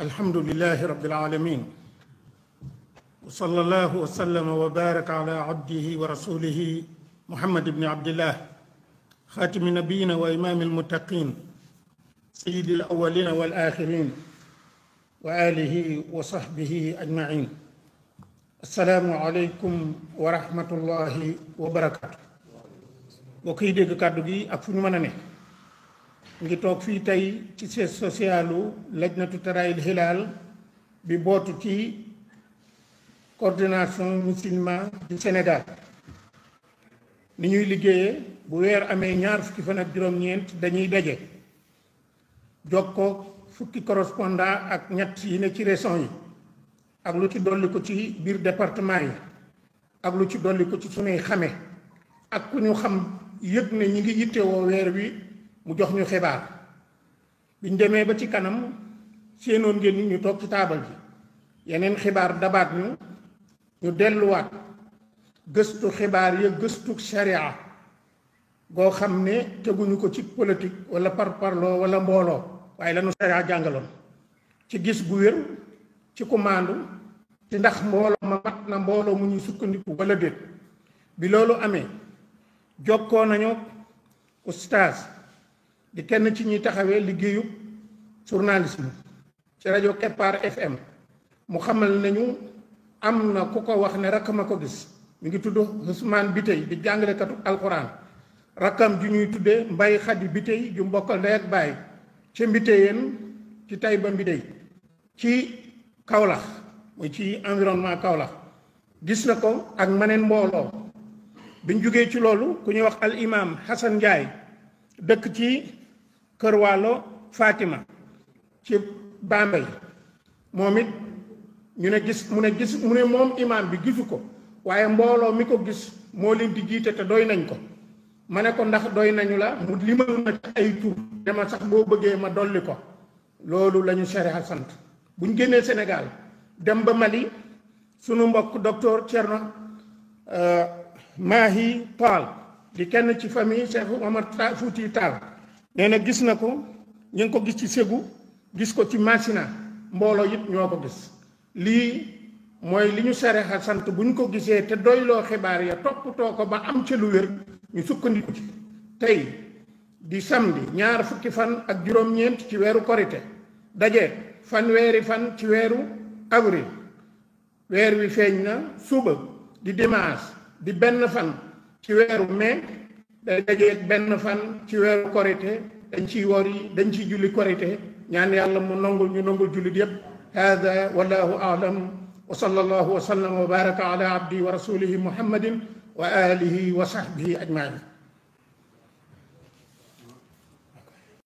الحمد لله رب العالمين وصلى الله وسلم وبارك على عبده ورسوله محمد بن عبد الله خاتم نبينا وإمام المتقين سيد الأولين والآخرين وآله وصحبه أجمعين السلام عليكم ورحمة الله وبركاته وكيدك كادوغي أكفن منني ngi toog fii tey ci siège socialu lajnatu taraayil hilal bi bootu ci coordination musulman du Sénégal ni ñuy liggéeyee bu weer amee ñaar fukki fan ak juróom-ñeent dañuy daje ko fukki correspondant ak ñett yi ne ci région yi ak lu ci dolli ko ci biir département yi ak lu ci dolli ko ci sunuy xame ak ku ñu xam yëg ne ñi ngi yittewoo weer wi mu jox ñu xibaar biñ demee ba ci kanam séenoon ngeen ni ñu toog ci taabal bi yeneen xibaar dabaat ñu ñu delluwaat gëstu xibaar ya gëstu sharia goo xam ne teguñu ko ci polotik wala par parloo wala mbooloo waaye lañu sharia jàngaloon ci gis bu ci kumaandu ci ndax mbooloo ma mat na mbooloo mu ñuy sukkandiku wala déet bi loolu amee jokkoo nañu ustaas di kenn ci ñuy taxawee liggéeyu journalisme ci rajo Keppaar FM mu xamal nañu am na ku ko wax ne rakk ma ko gis mi ngi tudd Ousmane Bitey di jàngalekatu alxuraan rakkam ju ñuy tuddee Mbay Xadi Bitey ju mbokkal ndey ak baay ci Mbiteyeen ci Tayba Mbitey ci kawlax muy ci environnement Kaolack gis na ko ak maneen mbooloo biñ jógee ci loolu ku ñuy wax al imam Hassan Ndiaye dëkk ci Kër Waalo Fatima ci Bambey moom it ñu ne gis mu ne gis mu ne moom imaam bi gisu ko waaye mbooloo mi ko gis moo leen di jiite te doy nañ ko ma ne ko ndax doy nañu la mu limal ma ci ay tur dama sax boo bëggee ma dolli ko loolu lañu ñu sariya sant buñ génnee senegal dem ba Mali sunu mbokk docteur Thierno euh, Mahi Tall di kenn ci famille Cheikh Omar Fouti Tall nee na gis na ko ñu ko gis ci Ségou gis ko ci Massina mbooloo it ñoo ko gis lii mooy li ñu sarexa sant bu ñu ko gisee te doyloo xibaar ya toppatoo ko ba am ca lu wér ñu sukkandiku ci tey di samedi ñaar fukki fan ak juróom-ñeent ci weeru korite daje fanweeri fan ci weeru avril weer wi feeñ na suba di dimanche di benn fan ci weeru mai day dajeeg benn fan ci weeru korite dañ ciy woor dañ ciy julli korite ñaan yàlla mu nangul ñu nangul jullit yépp hada wallahu aalam wa sallallahu wa sallam wa a ala abdi wa rasulihi muhammadin wa alihi wa sahbihi ajmain